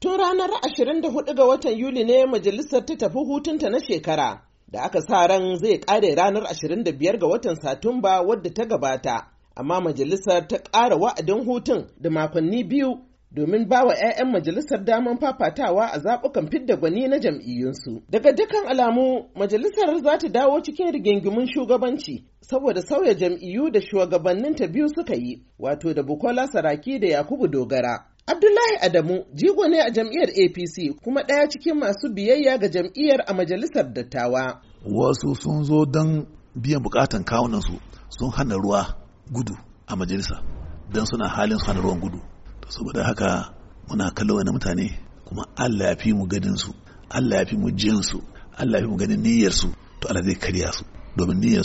Tun ranar 24 ga watan Yuli ne majalisar ta tafi hutunta na shekara, da aka sa ran zai ƙare ranar 25 ga watan Satumba wadda ta gabata, amma majalisar ta ƙara wa'adin hutun da makonni biyu domin ba wa 'ya'yan majalisar daman fafatawa a zaɓukan fidda gwani na jam'iyyunsu. Daga dukkan alamu, majalisar za ta dawo cikin rigingimun shugabanci saboda sauya jam'iyyu da shugabannin ta biyu suka yi, wato da Bukola Saraki da Yakubu Dogara. Abdullahi Adamu jigo ne a jam'iyyar APC kuma ɗaya cikin masu biyayya ga jam'iyyar a majalisar dattawa. Wasu sun zo don biyan bukatan kawunansu sun hana ruwa gudu a majalisa don suna halin su hana ruwan gudu. To saboda haka muna kallo wani mutane kuma Allah ya fi mu ganin Allah ya fi mu jin Allah ya fi mu ganin niyyar to Allah zai karya su domin niyyar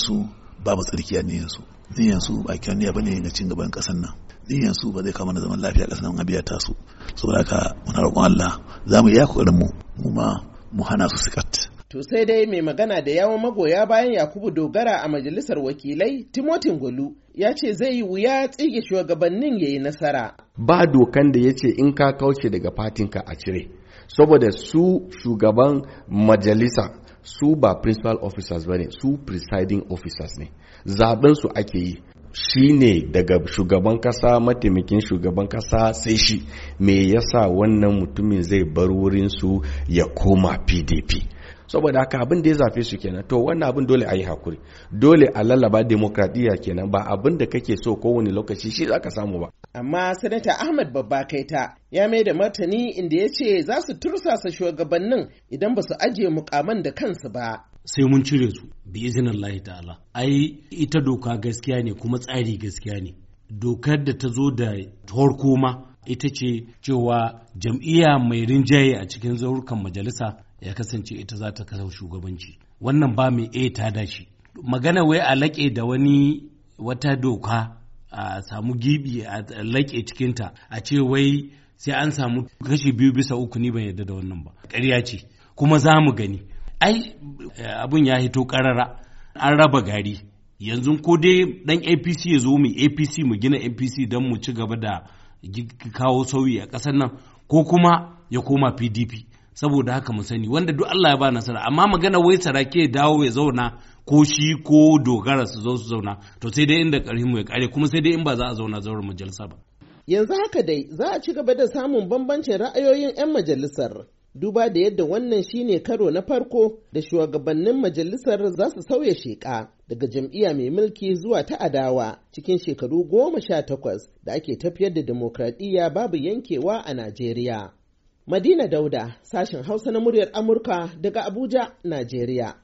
babu tsirkiya niyyar su. Niyyar ba kyan niyya bane ga cin gaban ƙasar nan. diyan su ba zai kama na zaman lafiya ƙasar nan abiya ta su saboda haka muna roƙon Allah za mu iya kokarin mu mu ma mu hana su sikat to sai dai mai magana da yawon magoya bayan Yakubu Dogara a majalisar wakilai Timotin Gulu, ya ce zai yi wuya tsige shugabannin yayi nasara ba dokan da ya ce in ka kauce daga fatinka a cire saboda su shugaban majalisa su ba principal officers ba ne su presiding officers ne zaben su ake yi shine daga shugaban kasa mataimakin shugaban kasa sai shi me yasa wannan mutumin zai bar wurin su ya koma pdp saboda haka abin da ya zafe su kenan to wannan abin dole a yi hakuri dole a lallaba demokradiyya kenan ba abin da kake so kowane lokaci shi za ka samu ba amma sanata ahmad babba kaita ya mai da martani inda ya ce za su tursasa shugabannin idan ba su ajiye mukaman da kansu ba sai mun cire su bi izinin Allah ta'ala ai ita doka gaskiya ne kuma tsari gaskiya ne dokar da ta zo da farko ita ce cewa jam'iyya mai rinjaye a cikin zaurukan majalisa ya kasance ita za ta kasa shugabanci wannan ba mai e ta dashi magana wai a laƙe da wani wata doka a samu gibi a laƙe cikinta a ce wai sai an samu kashi biyu bisa uku ni ban yarda da wannan ba ƙarya ce kuma za mu gani ai abun ya hito karara an raba gari yanzu ko dai dan apc ya zo mu apc mu gina apc don mu ci gaba da kawo sauyi a ƙasar nan ko kuma ya koma pdp saboda haka mu sani wanda duk Allah ya ba nasara amma magana wai sarake ya dawo ya zauna ko shi ko dogara su zo su zauna to sai dai inda ƙarfin mu ya kare kuma sai dai in ba za a zauna zauren majalisa ba yanzu haka dai za a ci gaba da samun bambancin ra'ayoyin 'yan majalisar duba da yadda wannan shine karo na farko da shugabannin majalisar za su sauya sheƙa daga jam'iyya mai mulki zuwa ta adawa cikin shekaru goma sha takwas da ake tafiyar da demokradiyya babu yankewa a Najeriya. Madina Dauda, sashen Hausa na muryar Amurka daga Abuja, Najeriya.